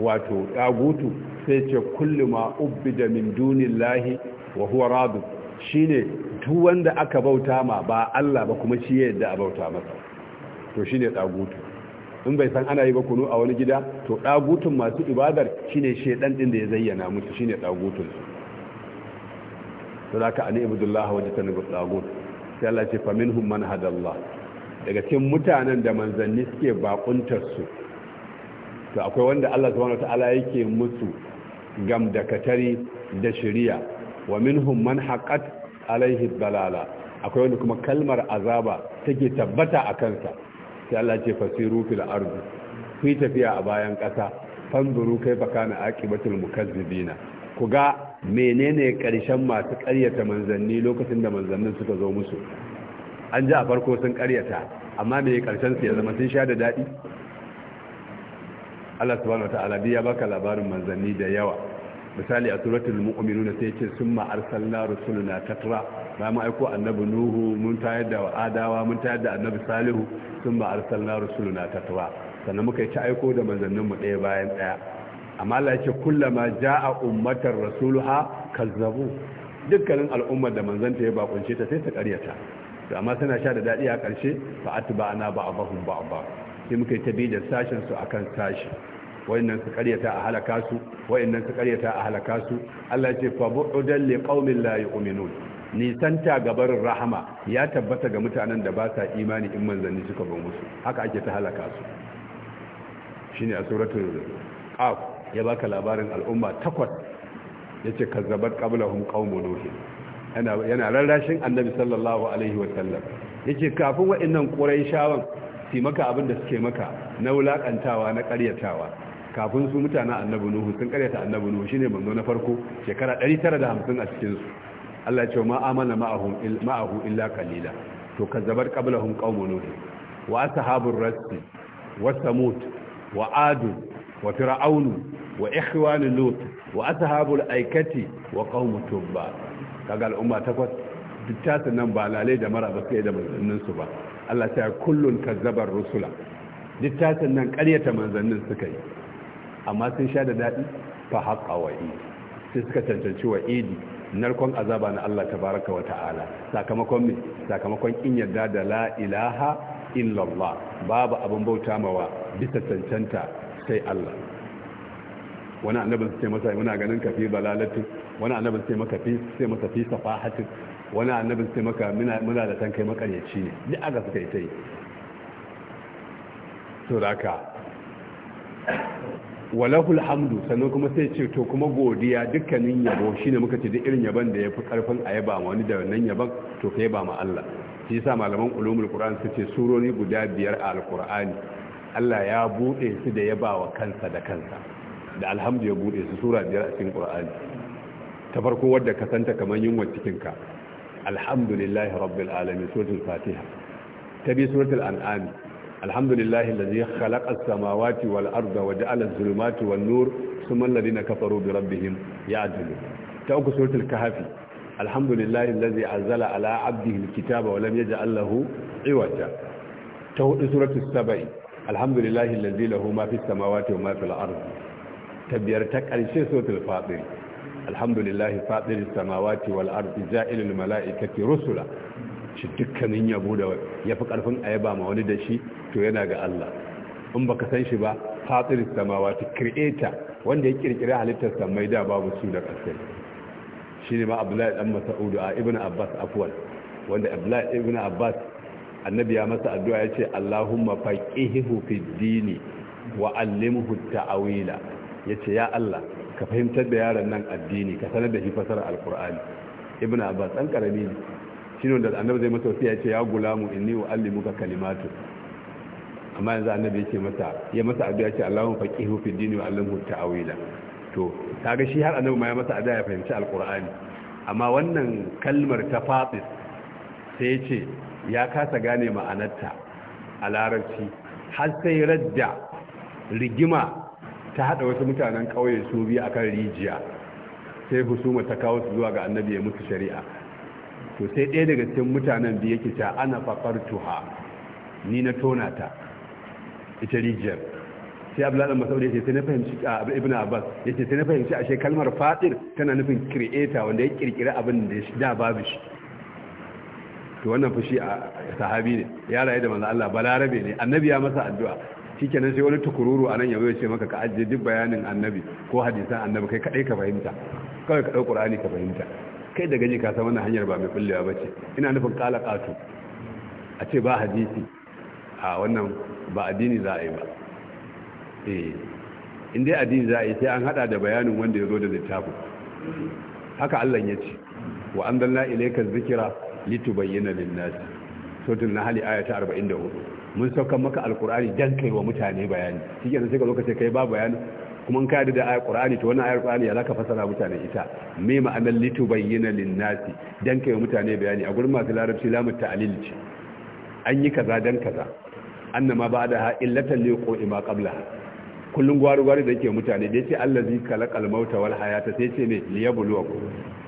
Speaker 1: wato agutu sai ce kullu ma ubbida min dunillahi wa huwa radu shine duk wanda aka bauta ma ba Allah ba kuma shi yadda a bauta masa to shine agutu in bai san ana yi ba kunu a wani gida to ɗagutun masu ibadar shine shedan din da ya zayyana musu shine dagutun su zaka ani ibudullah wa jitanibu dagut sai Allah ce fa minhum man hadallah daga cikin mutanen da manzanni suke bakuntar su to akwai wanda Allah subhanahu wataala yake musu gam da katari da shari'a wa minhum man haqqat alaihi dalala akwai wanda kuma kalmar azaba take tabbata a kansa sai Allah ce fasiru fil ardi kai tafiya a bayan kasa fanzuru kai fa kana aqibatul mukazzibina ku ga menene ƙarshen masu ƙaryata manzanni lokacin da manzannin suka zo musu an ji a farko sun ƙaryata amma me karshen su ya zama sun sha da daɗi Allah subhanahu wataala bi ya baka labarin manzanni da yawa misali a suratul mu'minuna sai ce summa arsalna rusuluna tatra ba mu aiko annabi nuhu mun tayar da adawa mun tayar da annabi salihu sun ba arsalna rusuluna tatwa sannan muka yi ta aiko da manzannin mu ɗaya bayan ɗaya amma Allah yake kullama ja'a ummatar rasuluha kazzabu dukkanin al'ummar da ta ya bakunce ta sai ta karyata to amma suna sha da dadi a karshe fa atba'ana ba'dahum ba'd sai muka yi tabi da sashin su akan sashi wayannan su karyata a halaka su wayannan su karyata a halaka su Allah ya ce fa bu'dan liqaumin la yu'minun nisanta ta barin rahama ya tabbata ga mutanen da ba sa imani in manzanni suka ba musu haka ake ta halaka su shi ne a tsoratun ƙaf ya baka labarin al'umma takwas ya ce kazzabat qablahum qaumun nuh yana yana rarrashin annabi sallallahu alaihi wasallam ce kafin wa'annan shawon si maka abin da suke maka na wulaƙantawa na ƙaryatawa kafin su mutanen annabi nuhu sun ƙaryata annabi nuhu shine manzo na farko shekara 950 a cikinsu. Allah ya ce ma amana ma'ahum ma'ahu illa qalila to kazzabat qablahum qaumun nuh wa ashabur rasi, wa samut wa ad wa fir'aun wa ikhwan lut wa ashabul aikati wa qaum tubba kaga al'umma takwas dukkan nan ba lalai da mara ba sai da manzannin su ba Allah ta kullun kazzabar rusula dukkan nan ƙaryata manzannin suka yi amma sun sha da dadi fa haqqa wa'id sai suka cancanci wa'idi narkon azaba na Allah tabaraka wa ta'ala sakamakon me sakamakon in yarda da la ilaha illallah babu abun bauta mawa bisa cancanta sai Allah wani annabin sai masa muna ganin kafi balalatu wani annabin sai maka fi sai masa fi safahatu wani annabin sai maka muna muna da san kai makaryaci ne duk aka suka yi tai to walahul hamdu sannan kuma sai ce to kuma godiya dukkanin yabo shine muka ce duk irin yaban da yafi karfin a yaba wani da wannan yaban to ka yaba ma Allah shi yasa malaman ulumul qur'an su ce suroni guda biyar a alqur'ani Allah ya bude su da wa kansa da kansa da alhamdu ya bude su sura biyar a cikin qur'ani ta farko wadda ka santa kamar yunwa cikin ka alhamdulillahi rabbil alamin suratul fatiha ta bi suratul an'am alhamdulillahi allazi khalaqa as-samawati wal arda wa bi rabbihim ta uku alhamdulillahi ala 'abdihi kitaba wa lam ta hudu sabai alhamdulillahi lahu samawati wa ta biyar ta karshe suratul fatir alhamdulillahi fatir samawati wal mala'ikati rusula shi dukkanin yabo da ya fi ayaba ma wani da shi to yana ga Allah in baka san shi ba fatir samawati creator wanda ya kirkire halittar samai da babu su da kasai shine ma Abdullahi dan Masa'udu a Ibn Abbas afwal wanda Abdullahi Ibn Abbas annabi ya masa addu'a yace Allahumma faqihhu fid dini wa allimhu tawila yace ya Allah ka fahimtar da yaron nan addini ka sanar da shi fasara alqur'ani Ibn Abbas dan karami ne shine wanda annabi zai masa wasiya yace ya gulamu inni wa allimuka kalimatu amma yanzu annabi yake masa ya masa addu'a ce Allahu faqihu fi dini wa allimhu ta'wila to kaga shi har annabi ma ya masa addu'a ya fahimci alqur'ani amma wannan kalmar ta fatis sai ce ya kasa gane ma'anarta a larabci har sai radda rigima ta hada wasu mutanen kauye su biyu akan rijiya sai husuma ta kawo su zuwa ga annabi ya musu shari'a to sai ɗaya daga cikin mutanen biyu yake ta ana tuha ni na tona ta ita rijiyar sai abdullahi masaudi ya ce sai na fahimci a ibn abbas ya ce sai na fahimci ashe kalmar fadir tana nufin creator wanda ya kirkira abin da ya da babu shi to wannan fushi a sahabi ne ya rayu da manzo Allah balarabe ne annabi ya masa addu'a shikenan sai wani tukururu anan yabo ya ce maka ka ajiye duk bayanin annabi ko hadisan annabi kai kadai ka fahimta kawai ka dau qur'ani ka fahimta kai da gani ka san wannan hanyar ba mai kullewa bace ina nufin qala qatu a ce ba hadisi a wannan ba addini za a yi ba eh, in dai addini za a yi sai an hada da bayanin wanda ya zo da littafin haka Allah ya ce wa an danna ilaika zikira litubayyana lin-nasi suratul nahl ayata 44 mun sauka maka alqur'ani dan kai wa mutane bayani shi kenan sai ka zo ka ce kai ba bayani kuma ka da ayar qur'ani to wannan ayar qur'ani ya zaka fasara mutane ita me ma'anar litubayyana lin-nasi dan kai wa mutane bayani a gurin masu larabci lamu ta'lil ce an yi kaza dan kaza annama ba da illatan ne ko ima qabla kullun gwaru gwaru da yake mutane da yace allazi kalaqal mauta wal hayata sai ce ne liyabluwakum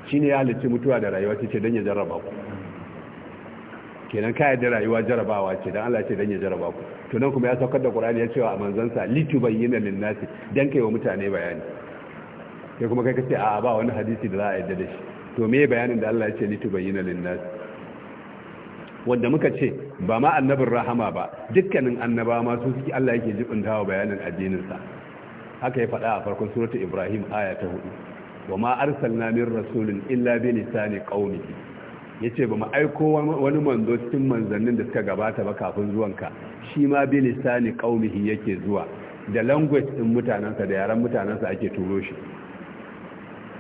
Speaker 1: shine ya halicci mutuwa da rayuwa ce dan ya jarraba ku kenan kai da rayuwa jarrabawa ce dan Allah ce dan ya jarraba ku to nan kuma ya saukar da Qur'ani ya cewa a manzansa litubayyana lin-nasi dan kai wa mutane bayani sai kuma kai kace a ba wani hadisi da za a yadda da shi to me bayanin da Allah ya ce litubayyana lin-nasi wanda muka ce ba ma annabin rahama ba dukkanin annaba ma su suke Allah yake dawo bayanin addininsa haka ya faɗa a farkon surata Ibrahim aya ta 4 wa ma arsalna min rasulin illa bi lisani qaumi yace ba mu aiko wani manzo cikin manzannin da suka gabata ba kafin zuwanka shi ma bi lisani qaumihi yake zuwa da language din mutanansa da yaran mutanansa ake turo shi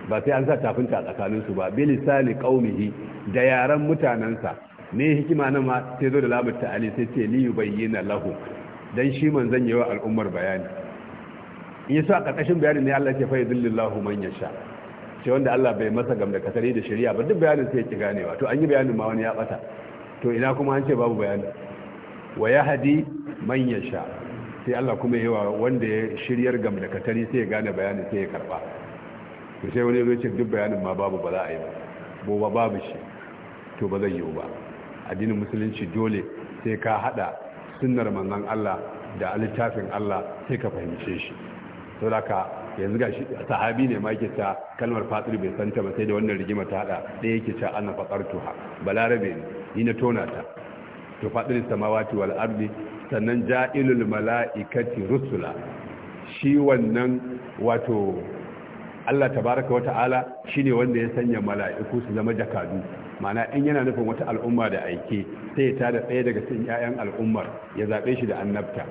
Speaker 1: ba sai an sa tafinta a tsakaninsu ba bi lisani da yaran mutanensa. ne hikima nan ma sai zo da labar ta'ali sai ce li yubayyana lahu dan shi zan yi wa al'ummar bayani in yasa a karkashin bayanin ne Allah ya fa yadhillahu man yasha ce wanda Allah bai masa gamda kasari da shari'a ba duk bayanin sai ya ki ganewa to an yi bayanin ma wani ya bata to ina kuma an ce babu bayani wa yahdi man yasha sai Allah kuma yi wa wanda ya shiryar gamda kasari sai ya gane bayanin sai ya karba to sai wani ya ce duk bayanin ma babu ba za a yi ba babu shi to ba zai yiwu ba addinin musulunci dole sai ka hada sunnar manzon Allah da littafin Allah sai ka fahimce shi saboda yanzu gashi, sahabi ne ma yake ta kalmar fatir bai san ta ba sai da wannan rigima ta hada ɗaya yake ta ana fatartuha balarabe ne ni na tona ta to fatir samawati wal ardi sannan ja'ilul mala'ikati rusula shi wannan wato Allah tabaraka wa shine wanda ya sanya mala'iku su zama jakadu mana in yana nufin wata al'umma da aiki sai ya tada tsaye daga cikin 'ya'yan al'ummar ya zaɓe shi da annabta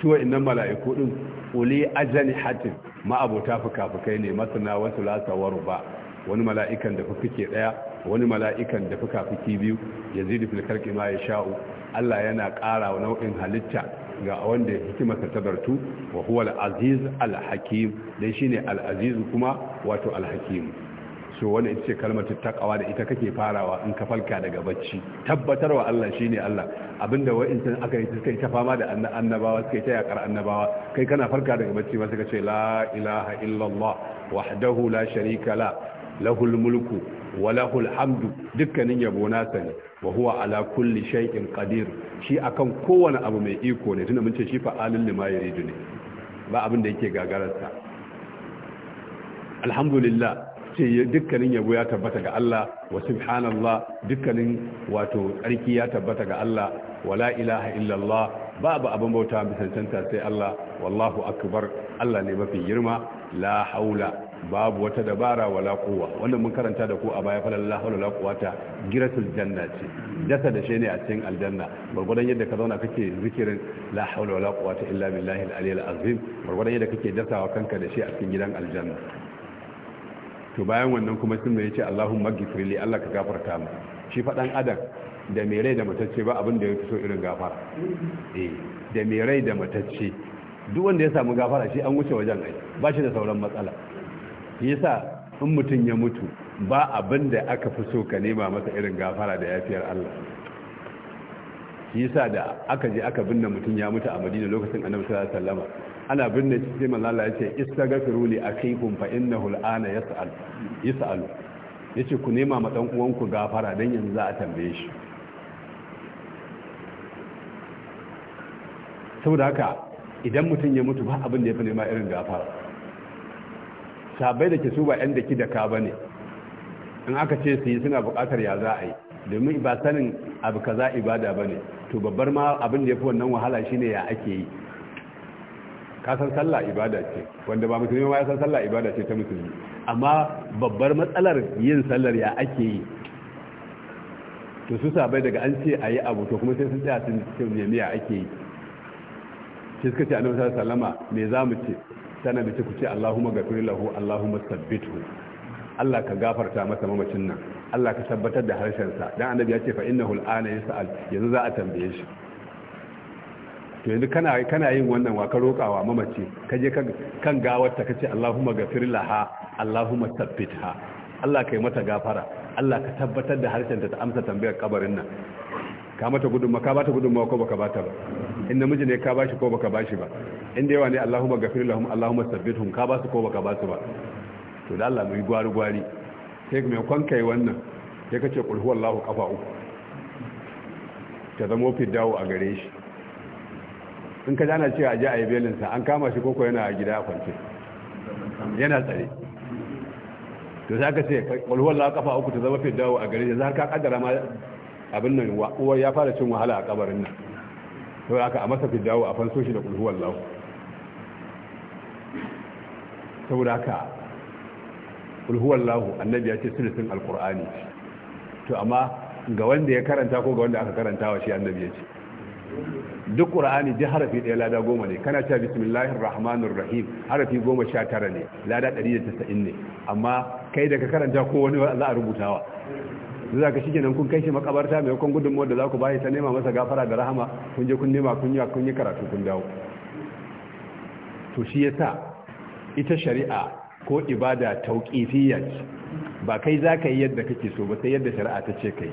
Speaker 1: su wa'innan mala'iku ɗin uli ajani hatin ma'abota fuka ne masana wasu lasawaru ba wani mala'ikan da fukuke ɗaya wani mala'ikan da fuka-fuki biyu ya da filkarki ma ya sha'u allah yana ƙara wa nau'in halitta ga wanda hikimar ta tabartu wa huwa al-aziz al-hakim dai shine al-aziz kuma wato al-hakim to wani ita ce kalmatin takawa da ita kake farawa in ka falka daga bacci wa Allah shine Allah abinda wa'insan aka yi suka yi ta fama da annabawa suka yi ta yakar annabawa kai kana farka daga bacci ba suka ce la ilaha illallah wahdahu la sharika la lahul mulku wa lahul hamdu dukkanin yabo nasa ne wa huwa ala kulli shay'in qadir shi akan kowane abu mai iko ne tunda mun ce shi fa'alul lima yuridu ne ba abin da yake gagararsa alhamdulillah ce dukkanin yabo ya tabbata ga Allah wa subhanallah dukkanin wato tsarki ya tabbata ga Allah wala ilaha illallah babu abin bauta bisantanta sai Allah wallahu akbar Allah ne mafi girma la haula babu wata dabara wala quwwa wannan mun karanta da ku a baya falal la haula wala quwwata giratul janna ce dasa da shi ne a cikin aljanna gurgurdan yadda ka zauna kake zikirin la haula wala quwwata illa billahi al-aliyyil azim gurgurdan yadda kake dasawa kanka da shi a cikin gidan aljanna to bayan wannan kuma sun mai ce Allahumma gifirli Allah ka gafarta mu shi faɗan adam da mai rai da matacce ba abin da ya fi so irin gafara eh da mai rai da matacce duk wanda ya samu gafara shi an wuce wajen ai ba shi da sauran matsala yasa in mutum ya mutu ba abin da aka fi so ka nema masa irin gafara da yafiyar Allah yasa da aka je aka binne mutum ya mutu a Madina lokacin Annabi sallallahu alaihi ana binne shi sai manzo Allah ga firuli a li akhikum fa innahu al'ana yas'al yas'alu yace ku nema ma dan uwanku gafara dan yanzu za a tambaye shi saboda haka idan mutum ya mutu ba abin da ya fi nema irin gafara sabai da ke su ba 'yan da ki da ka ba ne in aka ce su yi suna bukatar ya za a yi domin ba sanin abu ka za ibada ba ne to babbar ma abin da ya fi wannan wahala shine ya ake yi ka san sallah ibada ce wanda ba musulmi ma ya san sallah ibada ce ta musulmi amma babbar matsalar yin sallar ya ake yi to su sabai daga an ce a yi abu to kuma sai sun tsaya sun ce ne ya ake yi sai suka ce annabi sallallahu sallama me za mu ce tana da ce ku ce allahumma gafir lahu allahumma sabbithu Allah ka gafarta masa mamacin nan Allah ka tabbatar da harshen sa. dan annabi ya ce fa innahu al'ana yas'al yanzu za a tambaye shi to yanzu kana yin wannan wa ka rokawa mamace ka je kan gawarta ka ce Allahumma gafir laha Allahumma ha. Allah kai mata gafara Allah ka tabbatar da harshen ta ta amsa tambayar kabarin nan ka mata gudunma ka bata gudunma ko baka bata ba in namiji ne ka bashi ko baka bashi ba in da yawa ne Allahumma gafir lahum Allahumma thabbithum ka basu ko baka basu ba to da Allah mu yi gwari gwari sai kuma kon kai wannan sai kace qul huwallahu qafa uku ta zamo fidawo a gare shi in ka ana cewa ji a yi belinsa an kama shi koko yana a gida a kwance yana tsare to za ka ce kwalwar la kafa uku ta zama fi dawo a gare za ka kaddara ma abin nan uwar ya fara cin wahala a kabarin nan to aka a masa fi dawo a fanso shi da kulhuwar lahu saboda haka kulhuwar lahu annabi ya ce sulisin alkur'ani to amma ga wanda ya karanta ko ga wanda aka karanta wa shi annabi ya ce duk ƙura'ani ji harafi ɗaya lada goma ne kana cewa bismillahir rahmanir rahim harafi goma sha tara ne lada ɗari da tasa'in ne amma kai daga karanta ko wani za a rubutawa za ka shige nan kun kai shi makabarta kwan gudun da za ku bayi ta nema masa gafara da rahama kun je kun nema kun yi kun yi karatu kun dawo to shi ya sa ita shari'a ko ibada tauqifiyya ba kai za ka yi yadda kake so ba sai yadda shari'a ta ce kai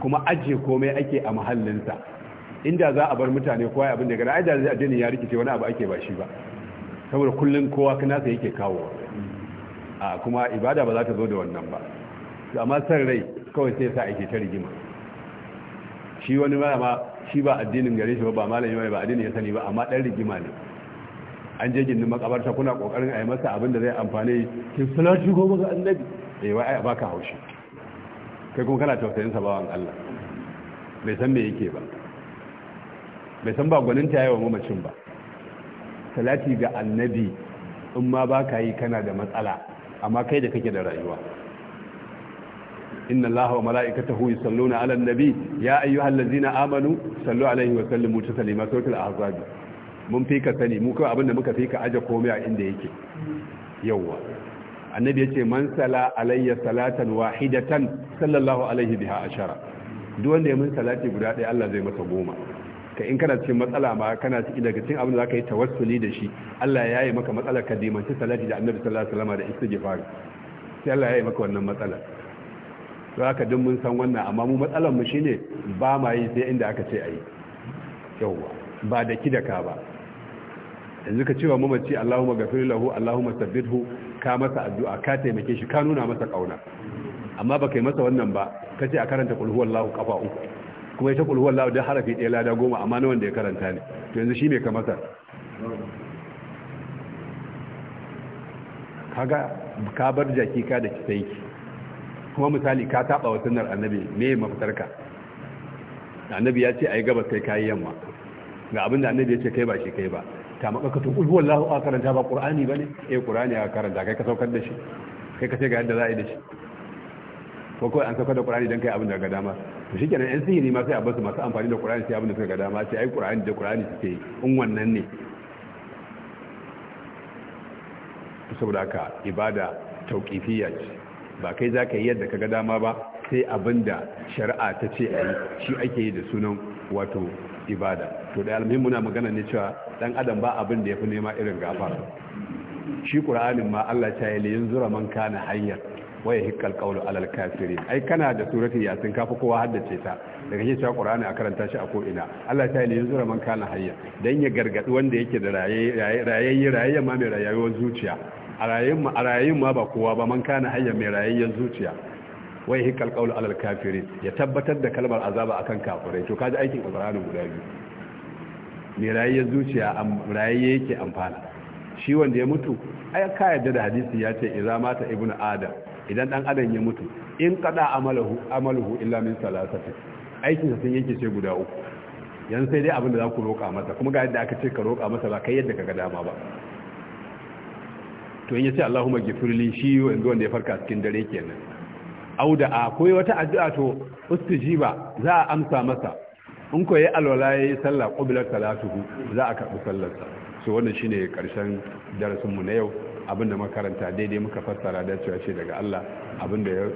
Speaker 1: kuma ajiye komai ake a muhallinsa inda za a bar mutane kowa abin da gara aida zai ajiyar ya rikice wani abu ake ba shi ba saboda kullum kowa kana sai yake kawo a kuma ibada ba za ta zo da wannan ba amma san rai kawai sai sa ake ta rigima shi wani ma shi ba addinin gare shi ba ba malami mai ba addinin ya sani ba amma dan rigima ne an je gindin makabarta kuna kokarin a yi masa abin da zai amfane ki salatu ko ga annabi eh wai ai baka haushi kai kuma kana tausayin sa bawan Allah bai san me yake ba bai san ba gwaninta yawa mamacin ba salati ga annabi in ma ba ka yi kana da matsala amma kai da kake da rayuwa inna allaha wa mala'ikatahu yusalluna 'alan nabi ya ladzina amanu sallu 'alaihi wa sallimu taslima sautul ahzab mun fi sani mu kai abinda muka fika ka aje komai a inda yake yawa annabi yace man sala alayya salatan wahidatan sallallahu alaihi biha ashara duk wanda ya mun salati guda ɗaya Allah zai masa goma ka in kana cikin matsala ma kana cikin daga cikin abin da zaka yi tawassuli da shi Allah ya yi maka matsalar ka dimanci salati da Annabi sallallahu alaihi wasallam da istighfar sai Allah ya yi maka wannan matsala to haka duk mun san wannan amma mu matsalan mu shine ba ma yi sai inda aka ce ayi yawa ba da ki da ka ba yanzu ka cewa mamaci Allahumma ghafir lahu Allahumma sabbithu ka masa addu'a ka taimake shi ka nuna masa kauna amma baka yi masa wannan ba kace a karanta kulhu wallahu kafa uku kuma ita kulhuwar lawa da harafi ɗaya lada goma amma na wanda ya karanta ne to yanzu shi ne ka masa kaga ka bar jaki ka da kitanki kuma misali ka taɓa wa sunar annabi me mafitarka annabi ya ce a yi gabas kai kayi yamma ga abin da annabi ya ce kai ba shi kai ba ta makaka to kulhuwar lawa a karanta ba ƙur'ani ba ne eh ƙur'ani a karanta kai ka saukar da shi kai ka ce ga yadda za a yi da shi ko kawai an saukar da ƙur'ani don kai abin da ga dama to kenan yan sihiri ma sai a basu masu amfani da qur'ani sai abin da suka ga dama sai ai qur'ani da qur'ani suke in wannan ne saboda ka ibada tauqifiyya ce ba kai za ka yi yadda ka ga dama ba sai abin da shari'a ta ce a yi shi ake yi da sunan wato ibada to da alamhin muna magana ne cewa dan adam ba abin da ya fi nema irin gafara shi qur'anin ma Allah ta yi zura man kana hanyar. waye hikkal qawlu alal kafirin ai kana da surati yasin kafi kowa haddace ta daga yake cewa qur'ani a karanta shi a ko ina Allah ta yi yanzu man kana hayya dan ya gargadi wanda yake da raye raye raye ma mai rayuwar zuciya a rayin ma a rayin ma ba kowa ba man kana hayya mai rayayyen zuciya waye hikkal qawlu alal kafirin ya tabbatar da kalmar azaba akan kafirai to kaji aikin qur'ani guda biyu mai rayuwar zuciya rayayye yake amfana shi wanda ya mutu ai ka yadda da hadisi ya ce idza mata ibnu adam idan dan adam ya mutu in kada amalahu amaluhu illa min salasati aikin sun yake ce guda uku yan sai dai abin da za ku roƙa masa kuma ga yadda aka ce ka roka masa ba kai yadda kaga dama ba to in yace Allahumma ghfirli shi yanzu wanda ya farka cikin dare kenan auda a wata addu'a to ba za a amsa masa in ko yayi alwala yayi sallah qabla salatuhu za a karbi sallarsa so wannan shine karshen darasin mu na yau abinda makaranta daidai muka fassara dacewa ce daga Allah abinda ya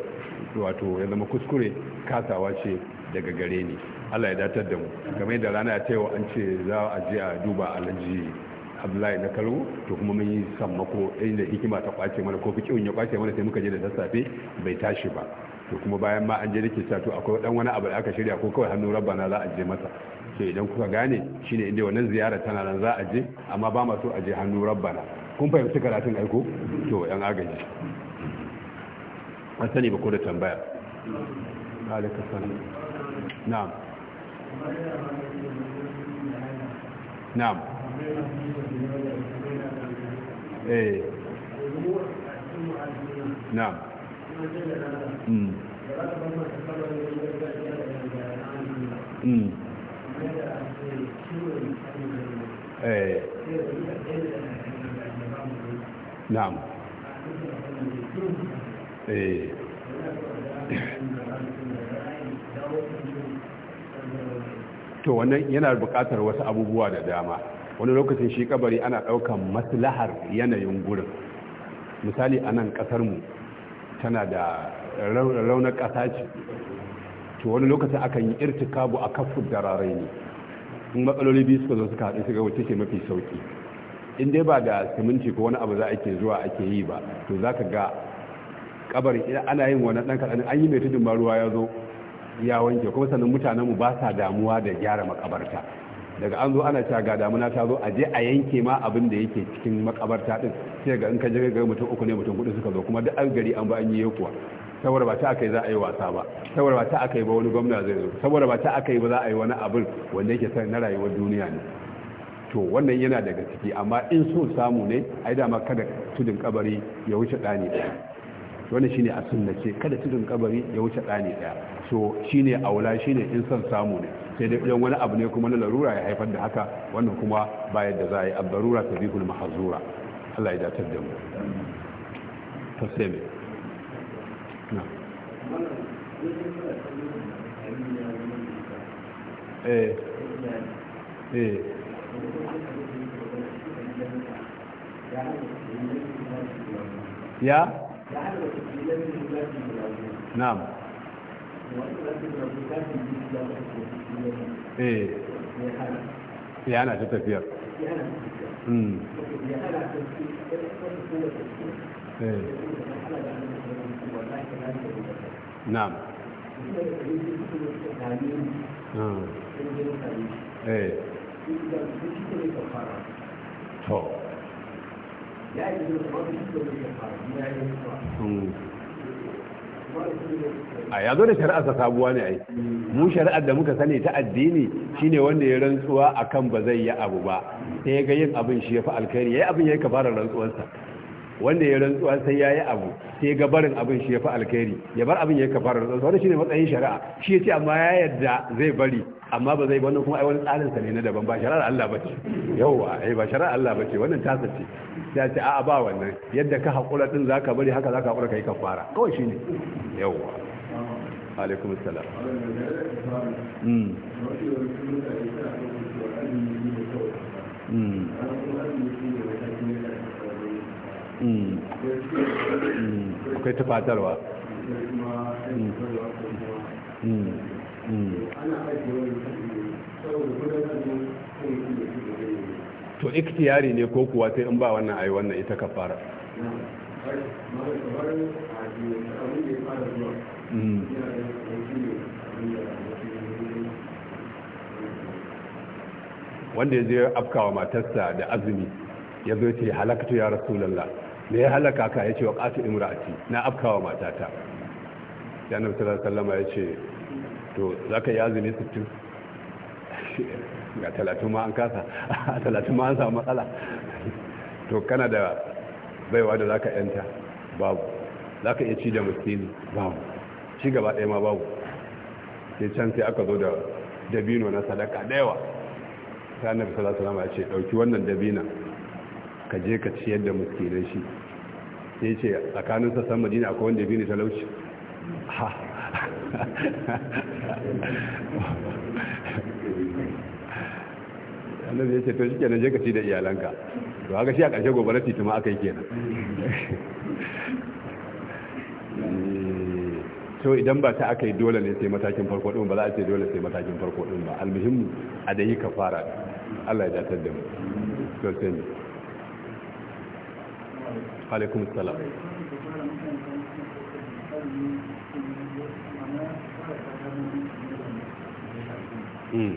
Speaker 1: wato ya zama kuskure kasawa ce daga gare ni Allah ya datar da mu game da rana ta yau an ce za a je a duba alhaji Abdullahi na kalmu to kuma mun yi sammako inda hikima ta kwace mana ko fiki ya kwace mana sai muka je da sassafe bai tashi ba to kuma bayan ma an je nake to akwai dan wani abu da aka shirya ko kawai hannun rabbana za a je masa sai idan kuka gane shine inda wannan ziyara tana nan za a je amma ba ma so a je hannun rabbana kun fahimci karatun aiko to yan agaji a sani ba ko da tambaya alaikar sani na'am na'am
Speaker 2: eh na'am mm mm eh
Speaker 1: na'am eh. to wannan yana buƙatar wasu abubuwa da dama wani lokacin shi kabari ana ɗaukar maslahar yanayin gurin misali a nan ƙasarmu tana da raunar ƙasa ce to wani lokacin akan yi irtikabu a kafin dararai ne in matsaloli biyu suka zo suka haɗu suka wuce ce mafi sauƙi in dai ba da siminti ko wani abu za ake zuwa ake yi ba to za ka ga kabari ana yin wani ɗan kaɗan an yi mai tudun ba ruwa ya zo ya wanke kuma sannan mutanen mu ba sa damuwa da gyara makabarta daga an zo ana cewa ga damuna ta zo a je a yanke ma abin da yake cikin makabarta din sai ga in ka je ga mutum uku ne mutum hudu suka zo kuma duk an gari an ba an yi kuwa saboda ba ta akai za a yi wasa ba saboda ba ta akai ba wani gwamna zai zo saboda ba ta akai ba za a yi wani abin wanda yake san na rayuwar duniya ne to wannan yana daga ciki amma in so samu ne ai dama kada tudun kabari ya wuce ɗani ɗaya wannan shine a sunnace kada tudun kabari ya wuce ɗani ɗaya so shine aula shine in son samu ne sai dai idan wani abu ne kuma na larura ya haifar da haka wannan kuma ba yadda za a yi abbarura ta bi bihul mahazura Allah ya datar da mu ta sai
Speaker 2: na eh eh ya na'am eh
Speaker 1: ya ana ta tafiyar
Speaker 2: hmm. eh. na'am ah. eh
Speaker 1: a ya zo da shari'arsa sabuwa ne ai mu shari'ar da muka sani ta addini shine wanda ya rantsuwa akan ba zai yi abu ba sai ga yin abin shi ya fi alkhairi yayi abin yayi kafarar rantsuwarsa wanda ya rantsuwa sai ya yi abu sai ga barin abin shi ya fi alkhairi ya bar abin ya yi kafara rantsuwa wanda shi ne matsayin shari'a shi ya ce amma ya yadda zai bari amma ba zai wannan kuma ai wani tsarin sa ne na daban ba shari'ar Allah ba ce yawwa ai eh, ba shari'ar Allah ba ce wannan tasa ce ta ce a'a ba wannan yadda ka hakura din zaka bari haka zaka hakura kai kafara kawai shine yawwa alaikum assalam
Speaker 2: mm mm akwai
Speaker 1: tufatarwa to ikhtiyari ne ko kuwa sai in ba wannan ayi wannan ita ka fara. wanda ya je afkawa matarsa da azumi ya zo ce halakatu ya lalla. Da ya halaka ka ce wa qatu imraati na afkawa matata ya annabi sallallahu sallama ya ce to za ka yi azumi 60 ga talatin ma an kasa a talatin ma an samu matsala to kana da baiwa da zaka yanta babu zaka iya ci da miskini babu ci gaba ɗaya ma babu sai can sai aka zo da dabino na sadaka da yawa ta annabi sallallahu alaihi wasallam ya ce dauki wannan dabina ka je ka ciyar da miskinai shi sai ce tsakanin sassan madina akwai wanda ya bi ni talauci ha annabi ya ce to shi kenan ka ci da iyalanka to haka shi a ƙarshe gobe na titi ma aka yi kenan to idan ba ta aka yi dole ne sai matakin farko din ba za a ce dole sai matakin farko din ba almuhimmu a da yi ka fara Allah ya datar da mu to sai
Speaker 2: alaikum salam hmm.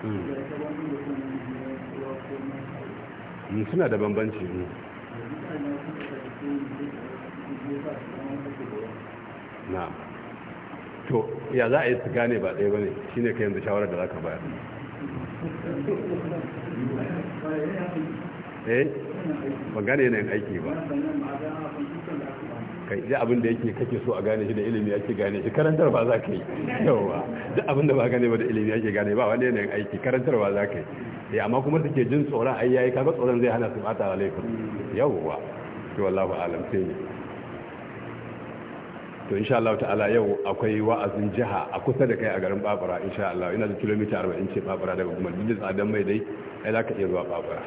Speaker 2: Hmm.
Speaker 1: Hmm, suna da bambanci na to ya za a yi su gane ba ɗaya ba ne shi ne ka yanzu shawarar da za ka bayar eh ba gane yanayin aiki ba kai ji abin da yake kake so a gane shi da ilimi yake gane shi karantar ba za ka yi yauwa ji abin da ba gane ba da ilimi yake gane ba wani yanayin aiki karantar ba za ka yi eh, amma kuma suke jin tsoron ai yayi kaga tsoron zai hana su bata alaikum yauwa to wallahi alam sai ne to insha Allah ta'ala yau akwai wa'azin jiha a kusa da kai a garin babura insha Allah ina da kilomita 40 ce babura daga kuma duk tsadan mai dai ai za ka iya zuwa babura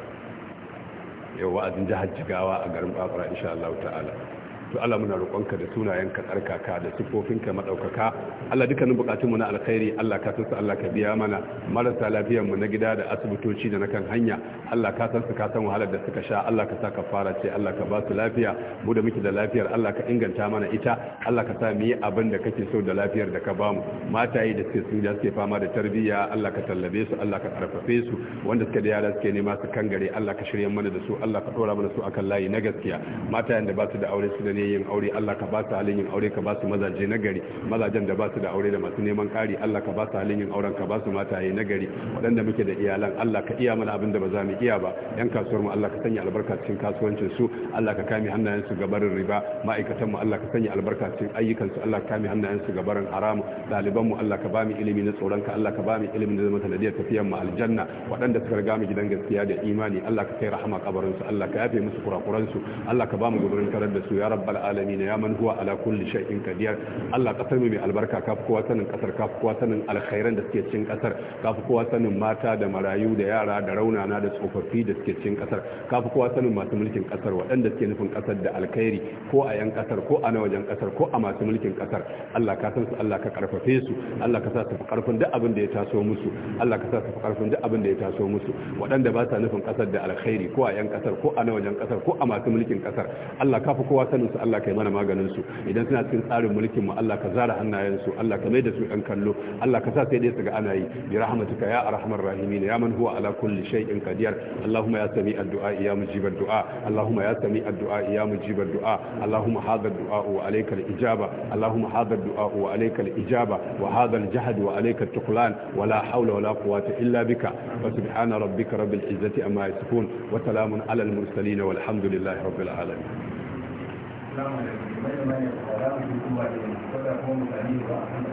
Speaker 1: yau wa'azin jihar jigawa a garin babura insha Allah ta'ala to Allah muna roƙonka da sunayenka tsarkaka da sifofinka madaukaka Allah dukkanin bukatunmu na alkhairi Allah ka san Allah ka biya mana marasa lafiyar mu na gida da asibitoci da na kan hanya Allah ka san su ka san wahalar da suka sha Allah ka sa ka fara ce Allah ka ba su lafiya mu da muke da lafiyar Allah ka inganta mana ita Allah ka sa mu yi abin da kake so da lafiyar da ka ba mu mataye da suke sun suke fama da tarbiyya Allah ka tallabe su Allah ka karfafe su wanda suka da yara suke nema su kangare Allah ka shirya mana da su Allah ka dora mana su akan layi na gaskiya matayen da ba su da aure su da ne yin aure Allah ka ba su halin yin aure ka ba su mazaje na gari mazajen da ba su da aure da masu neman ƙari Allah ka ba su halin yin auren ka ba su mataye na gari waɗanda muke da iyalan Allah ka iya mana abin da ba za mu iya ba yan kasuwar mu Allah ka sanya albarka cikin kasuwancin su Allah ka kame hannayen su gabarin riba ma'aikatan mu Allah ka sanya albarka cikin ayyukan su Allah ka kame hannayen su gabarin haramu ɗaliban mu Allah ka ba mu ilimi na tsoron ka Allah ka ba mu ilimi na zama sanadiyar tafiyar mu aljanna waɗanda suka riga mu gidan gaskiya da imani Allah ka kai rahama kabarin su Allah ka yafe musu kurakuran su Allah ka ba mu gudurin karar da su ya rabb rabbal alamin ya man huwa ala kulli shay'in qadir Allah kasar mu mai albarka kafi kowa sanin kasar kafi kowa sanin alkhairan da suke cikin kasar kafi kowa sanin mata da marayu da yara da raunana da tsofaffi da suke cikin kasar kafi kowa sanin masu mulkin kasar waɗanda suke nufin kasar da alkhairi ko a yan kasar ko a na wajen kasar ko a masu mulkin kasar Allah ka san su Allah ka karfafe su Allah ka sa su karfin duk abin da ya taso musu Allah ka sa su karfin duk abin da ya taso musu waɗanda ba sa nufin kasar da alkhairi ko a yan kasar ko a na wajen kasar ko a masu mulkin kasar Allah ka fi kowa sanin su su Allah kai mana maganin su idan suna cikin tsarin mulkin mu Allah ka zara hannayen su Allah ka mai da su ɗan kallo Allah ka sa sai dai su ga ana yi bi rahmatuka ya arhamar rahimin ya man huwa ala kulli shay'in qadir Allahumma ya sami addu'a ya mujib du'a Allahumma ya sami addu'a ya mujib addu'a Allahumma hadha addu'a wa alayka al-ijaba Allahumma hadha du'a wa alayka al-ijaba wa hadha al-jahd wa alayka at-tuqlan wa la hawla wa la quwwata illa bika wa subhana rabbika rabbil izzati amma yasifun wa salamun ala al-mursalin والحمد لله رب العالمين
Speaker 2: kuma da kuma mutane ba